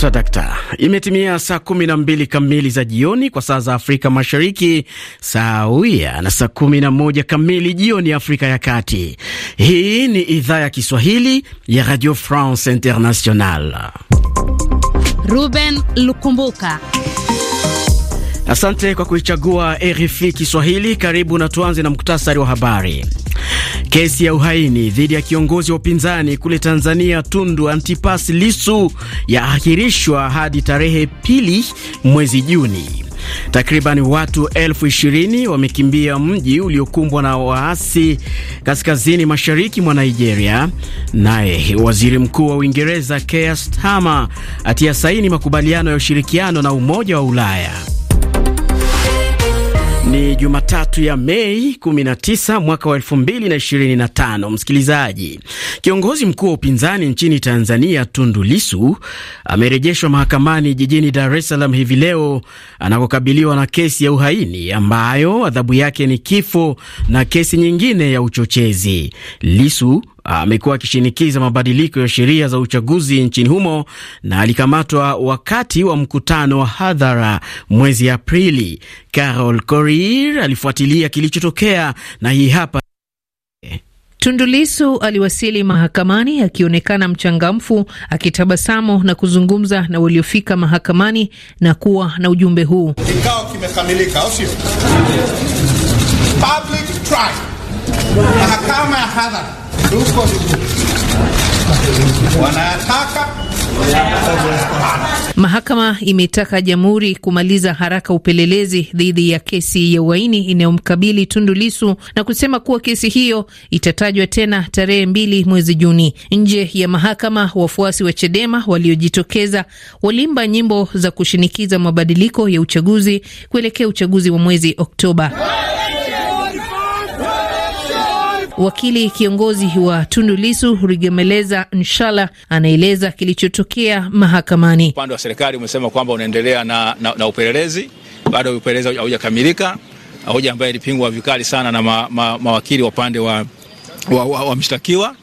Sadakta. Imetimia saa kumi na mbili kamili za jioni kwa saa za Afrika Mashariki, sawia na saa kumi na moja kamili jioni Afrika ya Kati. Hii ni idhaa ya Kiswahili ya Radio France International. Ruben Lukumbuka. Asante kwa kuichagua RFI Kiswahili. Karibu na tuanze na muktasari wa habari. Kesi ya uhaini dhidi ya kiongozi wa upinzani kule Tanzania Tundu Antipas Lisu yaahirishwa hadi tarehe pili mwezi Juni. Takriban watu elfu ishirini wamekimbia mji uliokumbwa na waasi kaskazini mashariki mwa Nigeria. Naye waziri mkuu wa Uingereza Keir Starmer atia saini makubaliano ya ushirikiano na Umoja wa Ulaya. Ni Jumatatu ya Mei 19 mwaka wa 2025. Msikilizaji, kiongozi mkuu wa upinzani nchini Tanzania Tundu Lisu amerejeshwa mahakamani jijini Dar es Salaam hivi leo anakokabiliwa na kesi ya uhaini ambayo adhabu yake ni kifo na kesi nyingine ya uchochezi. Lisu Ah, amekuwa akishinikiza mabadiliko ya sheria za uchaguzi nchini humo na alikamatwa wakati wa mkutano wa hadhara mwezi Aprili. Carol Korir alifuatilia kilichotokea na hii hapa. Tundulisu aliwasili mahakamani akionekana mchangamfu, akitabasamu na kuzungumza na waliofika mahakamani na kuwa na ujumbe huu: kikao kimekamilika, au sio? Public trial, mahakama ya hadhara tuko wanataka Mahakama imetaka jamhuri kumaliza haraka upelelezi dhidi ya kesi ya uhaini inayomkabili Tundu Lisu na kusema kuwa kesi hiyo itatajwa tena tarehe mbili mwezi Juni. Nje ya mahakama, wafuasi wa Chadema waliojitokeza waliimba nyimbo za kushinikiza mabadiliko ya uchaguzi kuelekea uchaguzi wa mwezi Oktoba. Wakili kiongozi wa Tundu Lisu Rigemeleza Nshala anaeleza kilichotokea mahakamani. Upande wa serikali umesema kwamba unaendelea na, na, na upelelezi, bado upelelezi haujakamilika, hoja ambayo ilipingwa vikali sana na ma, ma, mawakili wa upande wa, wa, wa, wa mshtakiwa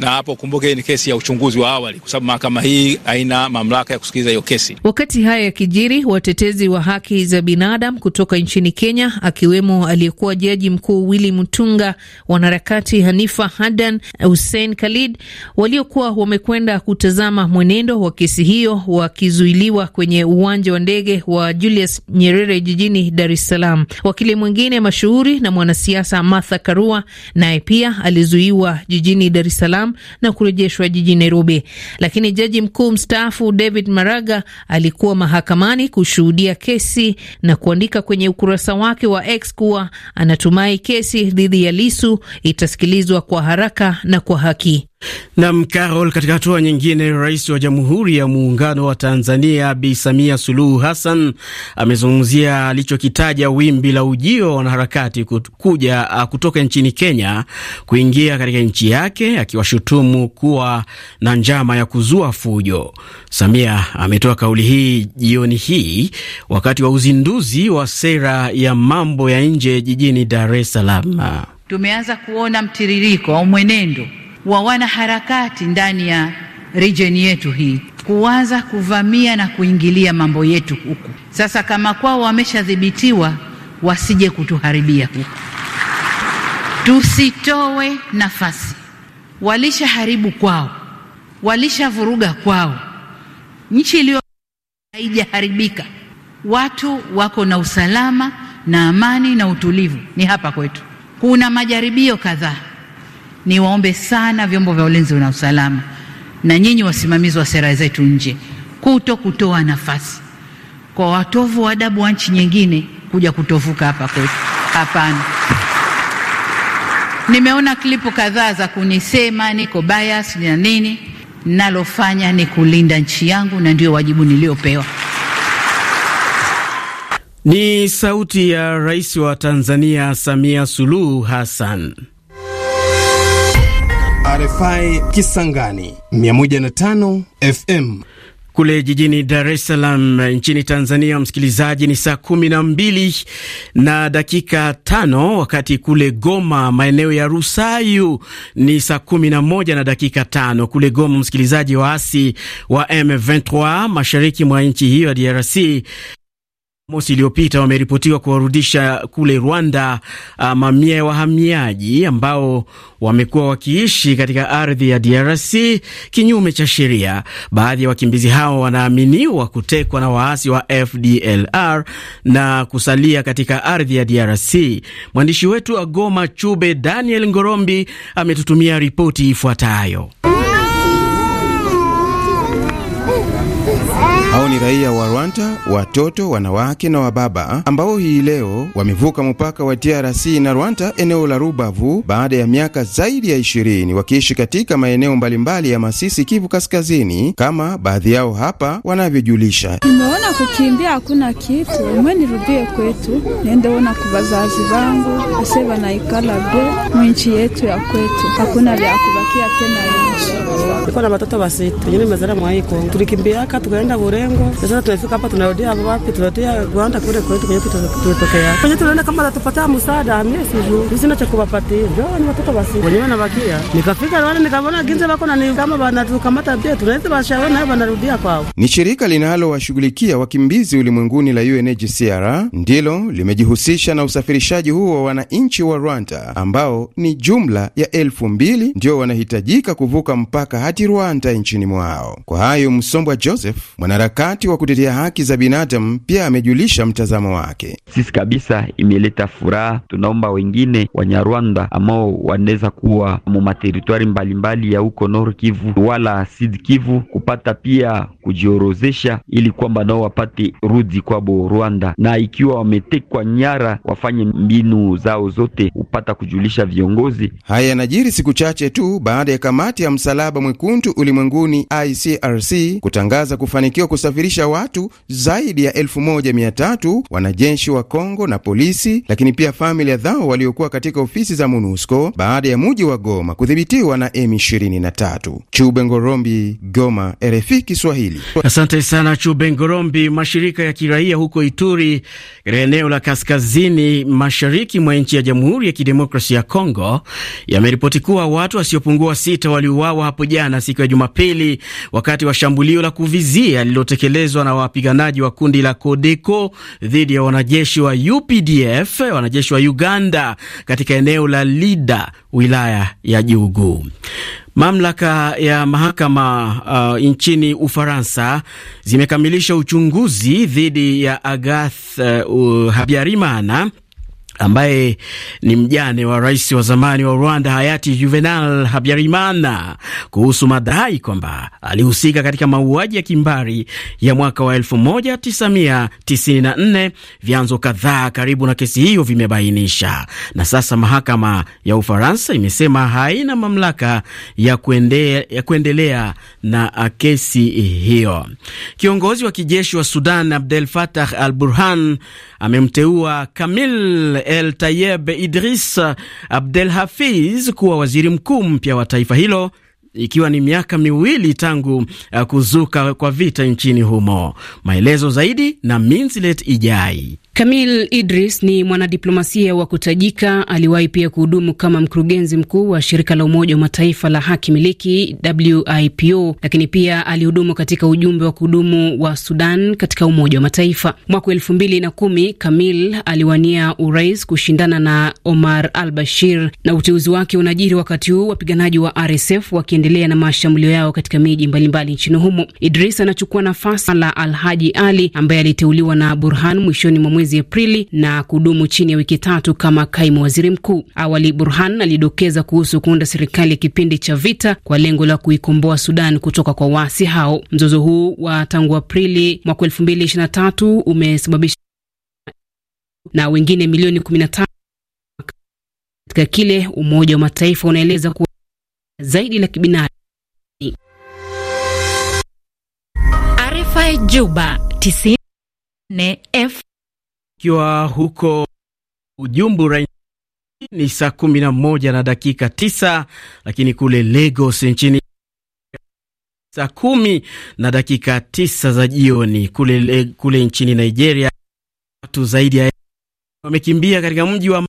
na hapo kumbuke, ni kesi ya uchunguzi wa awali, kwa sababu mahakama hii haina mamlaka ya kusikiliza hiyo kesi. Wakati haya yakijiri, watetezi wa haki za binadamu kutoka nchini Kenya, akiwemo aliyekuwa jaji mkuu Willy Mutunga, wanaharakati Hanifa Hadan, Hussein Khalid, waliokuwa wamekwenda kutazama mwenendo wa kesi hiyo, wakizuiliwa kwenye uwanja wa ndege wa Julius Nyerere jijini Dar es Salaam. Wakili mwingine mashuhuri na mwanasiasa Martha Karua naye pia alizuiwa jijini Dar es Salaam na kurejeshwa jijini Nairobi. Lakini jaji mkuu mstaafu David Maraga alikuwa mahakamani kushuhudia kesi na kuandika kwenye ukurasa wake wa X kuwa anatumai kesi dhidi ya Lisu itasikilizwa kwa haraka na kwa haki. Nam Carol. Katika hatua nyingine, rais wa Jamhuri ya Muungano wa Tanzania Bi Samia Suluhu Hassan amezungumzia alichokitaja wimbi la ujio wa wanaharakati kuja ah, kutoka nchini Kenya kuingia katika nchi yake, akiwashutumu kuwa na njama ya kuzua fujo. Samia ametoa kauli hii jioni hii wakati wa uzinduzi wa sera ya mambo ya nje jijini Dar es Salaam. Tumeanza kuona mtiririko au mwenendo wa wanaharakati ndani ya region yetu hii kuanza kuvamia na kuingilia mambo yetu huku. Sasa kama kwao wameshadhibitiwa, wasije kutuharibia huku, tusitowe nafasi. Walishaharibu kwao, walishavuruga kwao. Nchi iliyo haijaharibika, watu wako na usalama na amani na utulivu, ni hapa kwetu. Kuna majaribio kadhaa niwaombe sana vyombo vya ulinzi na usalama na nyinyi wasimamizi wa sera zetu nje, kuto kutoa nafasi kwa watovu wa adabu wa nchi nyingine kuja kutovuka hapa kwetu. Hapana. Nimeona klipu kadhaa za kunisema niko bias na nini. Nalofanya ni kulinda nchi yangu, na ndio wajibu niliyopewa. Ni sauti ya rais wa Tanzania Samia Suluhu Hassan. RFI Kisangani 105 FM kule jijini Dar es Salaam nchini Tanzania, msikilizaji, ni saa kumi na mbili na dakika tano wakati kule Goma maeneo ya Rusayu ni saa kumi na moja na dakika tano kule Goma. Msikilizaji, waasi wa M23 mashariki mwa nchi hiyo ya DRC Mosi iliyopita wameripotiwa kuwarudisha kule Rwanda uh, mamia ya wahamiaji ambao wamekuwa wakiishi katika ardhi ya DRC kinyume cha sheria. Baadhi ya wakimbizi hao wanaaminiwa kutekwa na waasi wa FDLR na kusalia katika ardhi ya DRC. Mwandishi wetu wa Goma Chube Daniel Ngorombi ametutumia ripoti ifuatayo. raia wa Rwanda, watoto, wanawake na wababa ambao hii leo wamevuka mpaka wa DRC na Rwanda eneo la Rubavu baada ya miaka zaidi ya ishirini wakiishi katika maeneo mbalimbali ya Masisi, Kivu Kaskazini, kama baadhi yao hapa wanavyojulisha. Nimeona kukimbia hakuna kitu, mwe nirudie kwetu, nendeona kwa wazazi wangu ase wanaikala be mwinchi yetu ya kwetu, hakuna vya kubakia tena nchi. Kuna watoto wasitu yenye mazara mwaiko tulikimbiaka tukaenda Burengo sasa tunafika hapa tunarudia hapo wapi? Tunarudia Rwanda kule kwetu kwenye tulitokea. Kwenye tunaona kama atatupatia msaada, mimi sijui. Mimi sina cha kuwapatia. Ndio ni watoto basi. Wenye na bakia. Nikafika Rwanda nikaona ginza wako na ni kama bana tukamata pia tunaweza washauri na wanarudia kwao. Ni shirika linalowashughulikia wakimbizi ulimwenguni la UNHCR ndilo limejihusisha na usafirishaji huo wa wananchi wa Rwanda ambao ni jumla ya elfu mbili ndio wanahitajika kuvuka mpaka hadi Rwanda nchini mwao. Kwa hayo Msombwa Joseph mwanaharakati wanaharakati wa kutetea haki za binadamu pia amejulisha mtazamo wake. Sisi kabisa imeleta furaha, tunaomba wengine Wanyarwanda ambao wanaweza kuwa mu materitwari mbalimbali ya huko Nord Kivu wala Sud Kivu kupata pia kujiorozesha, ili kwamba nao wapate rudi kwabo Rwanda, na ikiwa wametekwa nyara wafanye mbinu zao zote upata kujulisha viongozi. Haya yanajiri siku chache tu baada ya kamati ya Msalaba Mwekundu ulimwenguni ICRC kutangaza kufanikiwa kusafiri kusafirisha watu zaidi ya 1300 wanajeshi wa Kongo na polisi, lakini pia familia zao waliokuwa katika ofisi za MONUSCO baada ya muji wa Goma kudhibitiwa na M23. Chube Ngorombi, Goma, RFI Kiswahili. Asante sana Chube Ngorombi. Mashirika ya kiraia huko Ituri katika eneo la kaskazini mashariki mwa nchi ya Jamhuri ya Kidemokrasia ya Kongo yameripoti kuwa watu wasiopungua sita waliuawa hapo jana siku ya Jumapili wakati wa shambulio la kuvizia lililotekelezwa kutekelezwa na wapiganaji wa kundi la Kodeko dhidi ya wanajeshi wa UPDF, wanajeshi wa Uganda katika eneo la Lida, wilaya ya Jugu. Mamlaka ya mahakama uh, nchini Ufaransa zimekamilisha uchunguzi dhidi ya Agath uh, Habyarimana ambaye ni mjane wa rais wa zamani wa Rwanda hayati Juvenal Habyarimana kuhusu madai kwamba alihusika katika mauaji ya kimbari ya mwaka wa 1994, vyanzo kadhaa karibu na kesi hiyo vimebainisha. Na sasa mahakama ya Ufaransa imesema haina mamlaka ya, kuende, ya kuendelea na kesi hiyo. Kiongozi wa kijeshi wa Sudan Abdel Fattah al-Burhan amemteua Kamil El Tayeb Idris Abdel Hafiz kuwa waziri mkuu mpya wa taifa hilo ikiwa ni miaka miwili tangu uh, kuzuka kwa vita nchini humo. Maelezo zaidi na Minslet Ijai. Kamil Idris ni mwanadiplomasia wa kutajika. Aliwahi pia kuhudumu kama mkurugenzi mkuu wa shirika la Umoja wa Mataifa la haki miliki WIPO, lakini pia alihudumu katika ujumbe wa kudumu wa Sudan katika Umoja wa Mataifa. Mwaka elfu mbili na kumi Kamil aliwania urais kushindana na Omar al Bashir, na uteuzi wake unajiri wakati huu wapiganaji wa RSF wakiendelea na mashambulio yao katika miji mbalimbali nchini humo. Idris anachukua nafasi la Alhaji Ali ambaye aliteuliwa na Burhan mwishoni mwa mwezi Aprili na kudumu chini ya wiki tatu kama kaimu waziri mkuu. Awali, Burhan alidokeza kuhusu kuunda serikali ya kipindi cha vita kwa lengo la kuikomboa Sudan kutoka kwa waasi hao. Mzozo huu wa tangu Aprili mwaka elfu mbili na tatu umesababisha na wengine milioni kumi na tano katika kile Umoja wa Mataifa unaeleza kuwa zaidi la kibinadamu. RFI Juba 94 F ikiwa huko Ujumbura ni saa kumi na moja na dakika tisa lakini kule Lagos nchini saa kumi na dakika tisa za jioni. Kule, kule nchini Nigeria watu zaidi ya wamekimbia katika mji wa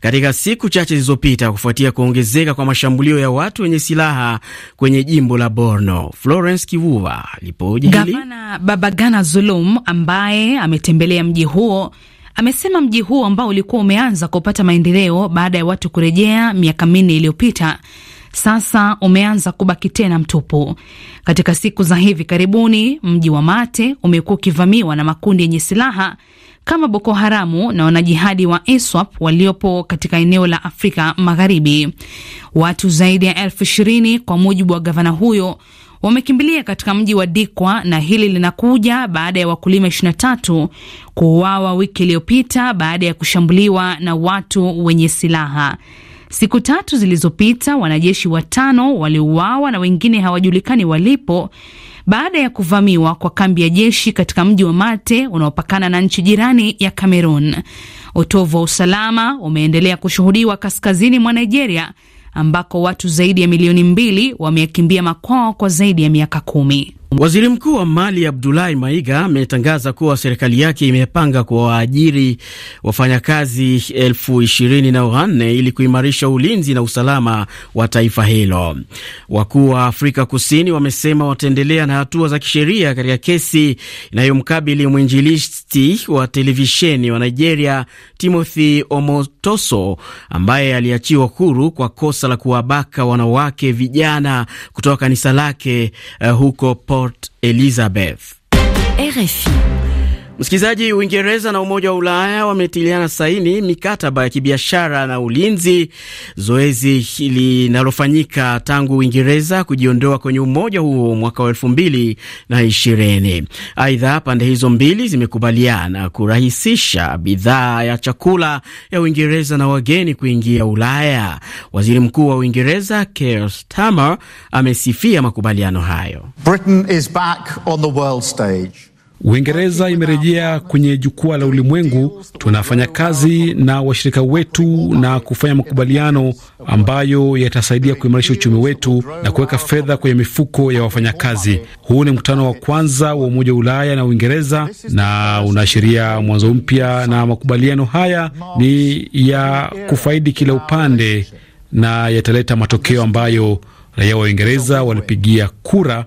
katika siku chache zilizopita kufuatia kuongezeka kwa mashambulio ya watu wenye silaha kwenye jimbo la Borno. Florence Kivuva lipoje hili? Gavana Babagana Zulum ambaye ametembelea mji huo amesema mji huo ambao ulikuwa umeanza kupata maendeleo baada ya watu kurejea miaka minne iliyopita sasa umeanza kubaki tena mtupu. Katika siku za hivi karibuni, mji wa Mate umekuwa ukivamiwa na makundi yenye silaha kama Boko Haramu na wanajihadi wa ISWAP waliopo katika eneo la Afrika Magharibi. Watu zaidi ya elfu ishirini kwa mujibu wa gavana huyo wamekimbilia katika mji wa Dikwa na hili linakuja baada ya wakulima 23 kuuawa wiki iliyopita baada ya kushambuliwa na watu wenye silaha. Siku tatu zilizopita wanajeshi watano waliuawa na wengine hawajulikani walipo baada ya kuvamiwa kwa kambi ya jeshi katika mji wa Mate unaopakana na nchi jirani ya Cameroon. Utovu wa usalama umeendelea kushuhudiwa kaskazini mwa Nigeria ambako watu zaidi ya milioni mbili wameakimbia makwao kwa zaidi ya miaka kumi. Waziri Mkuu wa Mali Abdulahi Maiga ametangaza kuwa serikali yake imepanga kuwaajiri wafanyakazi elfu ishirini na wanne ili kuimarisha ulinzi na usalama wa taifa hilo. Wakuu wa Afrika Kusini wamesema wataendelea na hatua za kisheria katika kesi inayomkabili mwinjilisti wa televisheni wa Nigeria Timothy Omotoso ambaye aliachiwa huru kwa kosa la kuwabaka wanawake vijana kutoka kanisa lake uh, huko Port Port Elizabeth. RFI. Msikilizaji, Uingereza na Umoja wa Ulaya wametiliana saini mikataba ya kibiashara na ulinzi, zoezi linalofanyika tangu Uingereza kujiondoa kwenye umoja huo mwaka wa elfu mbili na ishirini. Aidha, pande hizo mbili zimekubaliana kurahisisha bidhaa ya chakula ya Uingereza na wageni kuingia Ulaya. Waziri Mkuu wa Uingereza Keir Starmer amesifia makubaliano hayo. Britain is back on the world stage. Uingereza imerejea kwenye jukwaa la ulimwengu. Tunafanya kazi na washirika wetu na kufanya makubaliano ambayo yatasaidia kuimarisha uchumi wetu na kuweka fedha kwenye mifuko ya wafanyakazi. Huu ni mkutano wa kwanza wa Umoja wa Ulaya na Uingereza na unaashiria mwanzo mpya, na makubaliano haya ni ya kufaidi kila upande na yataleta matokeo ambayo raia wa Uingereza walipigia kura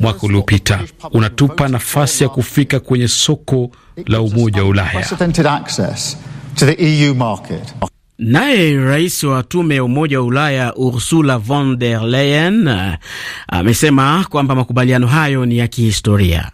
mwaka uliopita, unatupa nafasi ya kufika kwenye soko la Umoja wa Ulaya. E Naye rais wa tume ya Umoja wa Ulaya Ursula von der Leyen amesema kwamba makubaliano hayo ni ya kihistoria.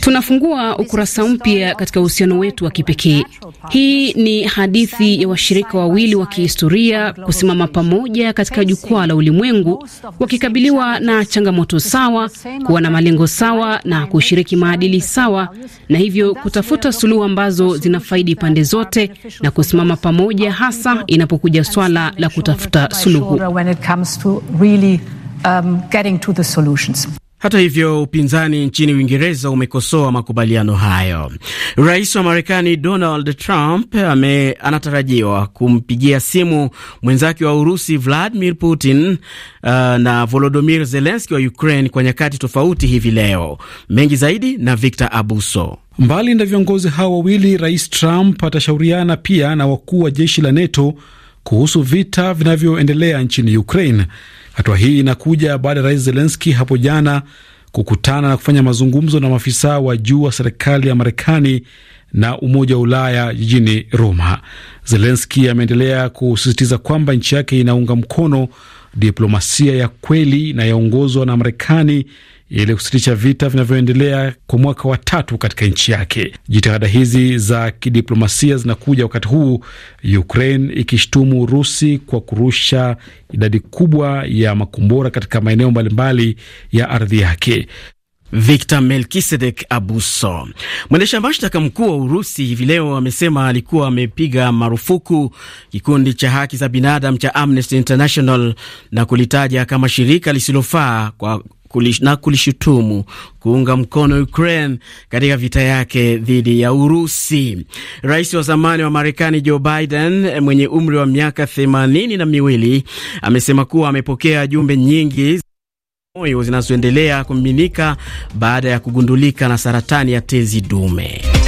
Tunafungua ukurasa mpya katika uhusiano wetu wa kipekee. Hii ni hadithi ya washirika wawili wa kihistoria kusimama pamoja katika jukwaa la ulimwengu, wakikabiliwa na changamoto sawa, kuwa na malengo sawa na kushiriki maadili sawa, na hivyo kutafuta suluhu ambazo zinafaidi pande zote na kusimama pamoja, hasa inapokuja swala la kutafuta suluhu um, getting to the solutions. Hata hivyo upinzani nchini Uingereza umekosoa makubaliano hayo. Rais wa Marekani Donald Trump ame, anatarajiwa kumpigia simu mwenzake wa Urusi Vladimir Putin uh, na volodimir zelenski wa Ukraine kwa nyakati tofauti hivi leo. Mengi zaidi na Victor Abuso. Mbali na viongozi hao wawili, Rais Trump atashauriana pia na wakuu wa jeshi la NATO kuhusu vita vinavyoendelea nchini Ukraine. Hatua hii inakuja baada ya rais Zelenski hapo jana kukutana na kufanya mazungumzo na maafisa wa juu wa serikali ya Marekani na Umoja wa Ulaya jijini Roma. Zelenski ameendelea kusisitiza kwamba nchi yake inaunga mkono diplomasia ya kweli inayoongozwa na Marekani ili kusitisha vita vinavyoendelea kwa mwaka wa tatu katika nchi yake. Jitihada hizi za kidiplomasia zinakuja wakati huu Ukraine ikishtumu Urusi kwa kurusha idadi kubwa ya makombora katika maeneo mbalimbali ya ardhi yake. Victor Melkisedek Abuso. Mwendesha mashtaka mkuu wa Urusi hivi leo amesema alikuwa amepiga marufuku kikundi cha haki za binadamu cha Amnesty International na kulitaja kama shirika lisilofaa kwa na kulishutumu kuunga mkono Ukraine katika vita yake dhidi ya Urusi. Rais wa zamani wa Marekani Joe Biden mwenye umri wa miaka themanini na miwili amesema kuwa amepokea jumbe nyingi moyo zinazoendelea kumiminika baada ya kugundulika na saratani ya tezi dume.